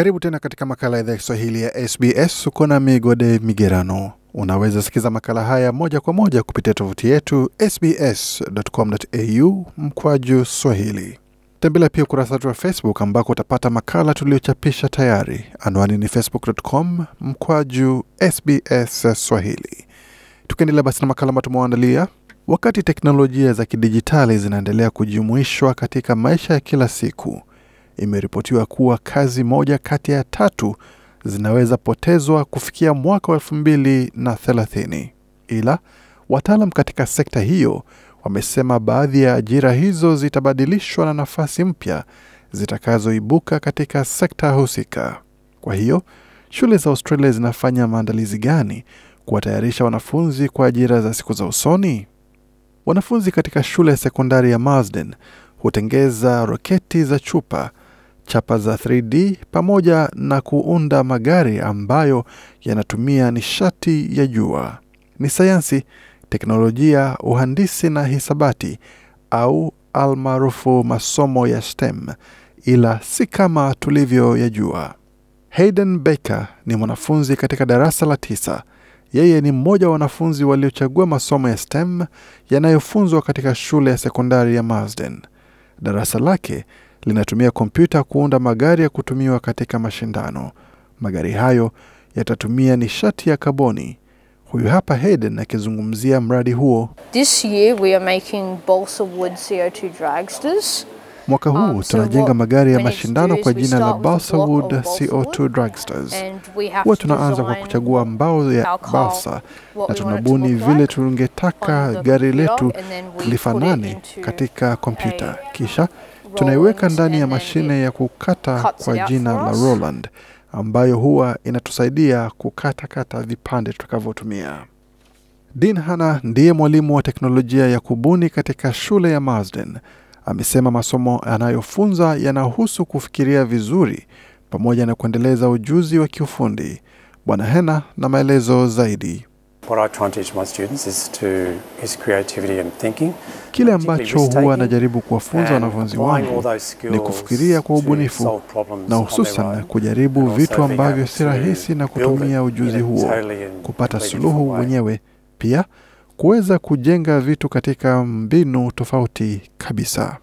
Karibu tena katika makala ya idhaa ya Kiswahili ya SBS. Uko na Migode Migerano. Unaweza sikiza makala haya moja kwa moja kupitia tovuti yetu sbs.com.au mkwaju swahili. Tembelea pia ukurasa wetu wa Facebook ambako utapata makala tuliochapisha tayari. Anwani ni facebook.com mkwaju SBS Swahili. Tukiendelea basi na makala ambayo tumewaandalia, wakati teknolojia za kidijitali zinaendelea kujumuishwa katika maisha ya kila siku imeripotiwa kuwa kazi moja kati ya tatu zinaweza potezwa kufikia mwaka wa elfu mbili na thelathini. Ila wataalam katika sekta hiyo wamesema baadhi ya ajira hizo zitabadilishwa na nafasi mpya zitakazoibuka katika sekta husika. Kwa hiyo shule za Australia zinafanya maandalizi gani kuwatayarisha wanafunzi kwa ajira za siku za usoni? Wanafunzi katika shule ya sekondari ya Marsden hutengeza roketi za chupa chapa za 3D pamoja na kuunda magari ambayo yanatumia nishati ya jua. Ni sayansi, teknolojia, uhandisi na hisabati au almaarufu masomo ya STEM, ila si kama tulivyoyajua. Hayden Baker ni mwanafunzi katika darasa la tisa. Yeye ni mmoja wa wanafunzi waliochagua masomo ya STEM yanayofunzwa katika shule ya sekondari ya Marsden. Darasa lake linatumia kompyuta kuunda magari ya kutumiwa katika mashindano. Magari hayo yatatumia nishati ya kaboni. Huyu hapa Hayden akizungumzia mradi huo. This year we are making balsa wood CO2 dragsters. Mwaka huu um, tunajenga magari ya mashindano kwa jina la balsa wood CO2 dragsters. Huwa tunaanza kwa kuchagua mbao ya balsa na tunabuni vile tungetaka gari letu lifanane katika kompyuta, kisha tunaiweka ndani ya mashine ya kukata kwa jina la Roland ambayo huwa inatusaidia kukatakata vipande tutakavyotumia. Dean Hanna ndiye mwalimu wa teknolojia ya kubuni katika shule ya Marsden. Amesema masomo anayofunza yanahusu kufikiria vizuri pamoja na kuendeleza ujuzi wa kiufundi. Bwana Hena na maelezo zaidi. Kile ambacho huwa najaribu kuwafunza wanafunzi wangu ni kufikiria kwa ubunifu na hususan kujaribu vitu ambavyo si rahisi na kutumia ujuzi huo kupata suluhu wenyewe pia kuweza kujenga vitu katika mbinu tofauti kabisa.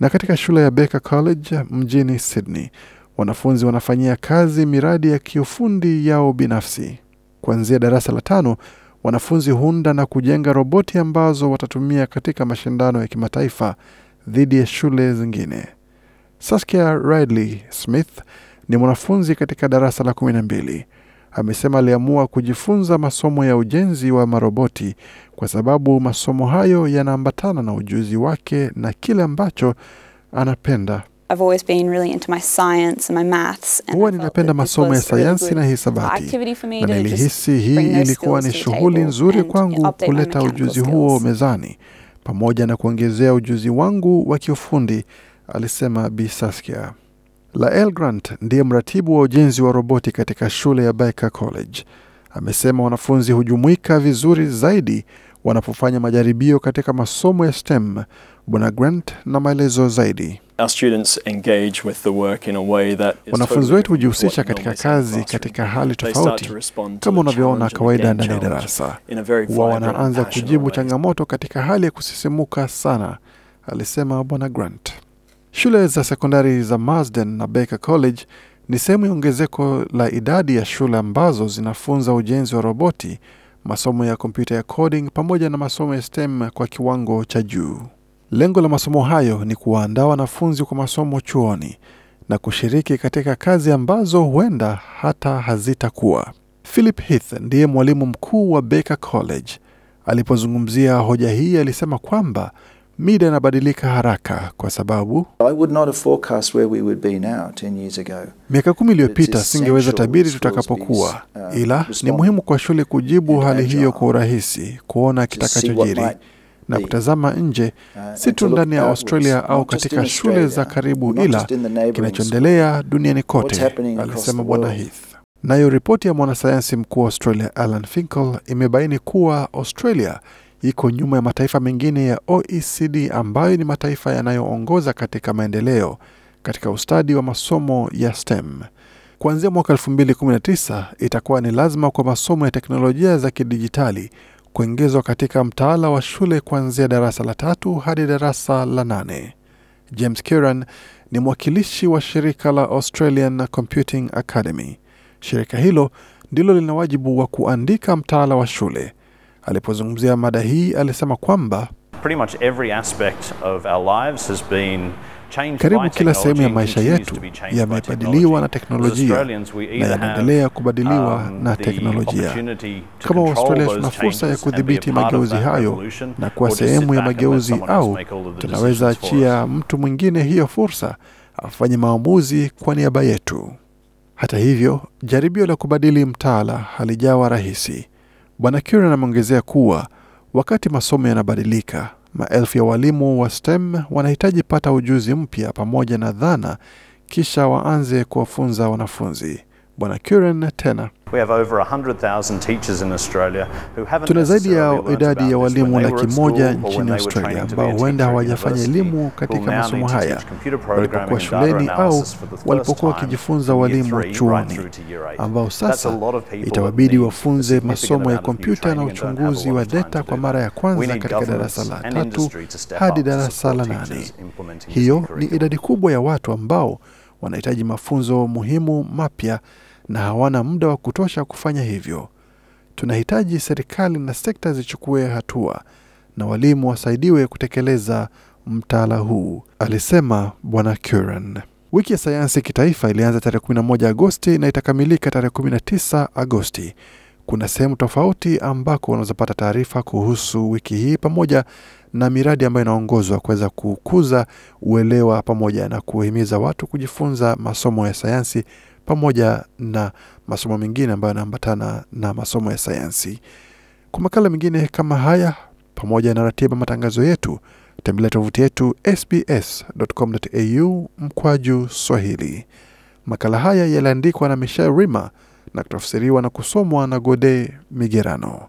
Na katika shule ya Baker College mjini Sydney, wanafunzi wanafanyia kazi miradi ya kiufundi yao binafsi kuanzia darasa la tano. Wanafunzi huunda na kujenga roboti ambazo watatumia katika mashindano ya kimataifa dhidi ya shule zingine. Saskia Ridley Smith ni mwanafunzi katika darasa la kumi na mbili. Amesema aliamua kujifunza masomo ya ujenzi wa maroboti kwa sababu masomo hayo yanaambatana na ujuzi wake na kile ambacho anapenda. Huwa ninapenda masomo ya sayansi na hisabati, na nilihisi hii ilikuwa ni shughuli nzuri kwangu kuleta ujuzi huo mezani pamoja na kuongezea ujuzi wangu wa kiufundi, alisema Bi Saskia. Lael Grant ndiye mratibu wa ujenzi wa roboti katika shule ya Baker College. Amesema wanafunzi hujumuika vizuri zaidi wanapofanya majaribio katika masomo ya STEM Bwana Grant na maelezo zaidi. Wanafunzi wetu hujihusisha katika kazi katika hali tofauti, kama unavyoona kawaida ndani ya darasa. Huwa wanaanza kujibu changamoto katika hali ya kusisimuka sana, alisema Bwana Grant. Shule za sekondari za Marsden na Baker College ni sehemu ya ongezeko la idadi ya shule ambazo zinafunza ujenzi wa roboti, masomo ya kompyuta ya coding pamoja na masomo ya STEM kwa kiwango cha juu. Lengo la masomo hayo ni kuwaandaa wanafunzi kwa masomo chuoni na kushiriki katika kazi ambazo huenda hata hazitakuwa. Philip Heath ndiye mwalimu mkuu wa Baker College. Alipozungumzia hoja hii, alisema kwamba mida inabadilika haraka kwa sababu miaka kumi iliyopita singeweza tabiri tutakapokuwa, uh, ila ni muhimu kwa shule kujibu hali hiyo kwa urahisi, kuona kitakachojiri na kutazama nje, uh, si tu ndani ya Australia au katika shule za karibu, ila kinachoendelea duniani kote, alisema Bwana Heath. Nayo ripoti ya mwanasayansi mkuu wa Australia Alan Finkel imebaini kuwa Australia iko nyuma ya mataifa mengine ya OECD ambayo ni mataifa yanayoongoza katika maendeleo katika ustadi wa masomo ya STEM. Kuanzia mwaka 2019 itakuwa ni lazima kwa masomo ya teknolojia za kidijitali kuingizwa katika mtaala wa shule kuanzia darasa la tatu hadi darasa la nane. James Kieran ni mwakilishi wa shirika la Australian Computing Academy. Shirika hilo ndilo lina wajibu wa kuandika mtaala wa shule. Alipozungumzia mada hii, alisema kwamba pretty much every aspect of our lives has been karibu kila sehemu ya maisha yetu yamebadiliwa na teknolojia na yanaendelea kubadiliwa um, na teknolojia. Kama Waustralia, tuna fursa ya kudhibiti mageuzi hayo na kuwa sehemu ya mageuzi, au tunaweza achia mtu mwingine hiyo fursa afanye maamuzi kwa niaba yetu. Hata hivyo, jaribio la kubadili mtaala halijawa rahisi. Bwana Kiran ameongezea kuwa wakati masomo yanabadilika Maelfu ya walimu wa STEM wanahitaji pata ujuzi mpya pamoja na dhana, kisha waanze kuwafunza wanafunzi. Bwana Curran tena. Tuna zaidi ya idadi ya walimu laki moja nchini Australia ambao huenda hawajafanya elimu katika masomo haya walipokuwa shuleni au walipokuwa wakijifunza walimu chuoni, ambao sasa itawabidi wafunze masomo ya kompyuta na uchunguzi wa data kwa mara ya kwanza katika darasa la tatu hadi darasa la nane. Hiyo ni idadi kubwa ya watu ambao wanahitaji mafunzo muhimu mapya na hawana muda wa kutosha kufanya hivyo. Tunahitaji serikali na sekta zichukue hatua na walimu wasaidiwe kutekeleza mtaala huu, alisema Bwana Curran. Wiki ya sayansi kitaifa ilianza tarehe 11 Agosti na itakamilika tarehe 19 Agosti. Kuna sehemu tofauti ambako unaweza pata taarifa kuhusu wiki hii pamoja na miradi ambayo inaongozwa kuweza kukuza uelewa pamoja na kuhimiza watu kujifunza masomo ya sayansi pamoja na masomo mengine ambayo yanaambatana na masomo ya sayansi. Kwa makala mengine kama haya, pamoja na ratiba matangazo yetu, tembelea tovuti yetu sbs.com.au mkwaju Swahili. Makala haya yaliandikwa na mishel Rima na kutafsiriwa na kusomwa na Gode Migerano.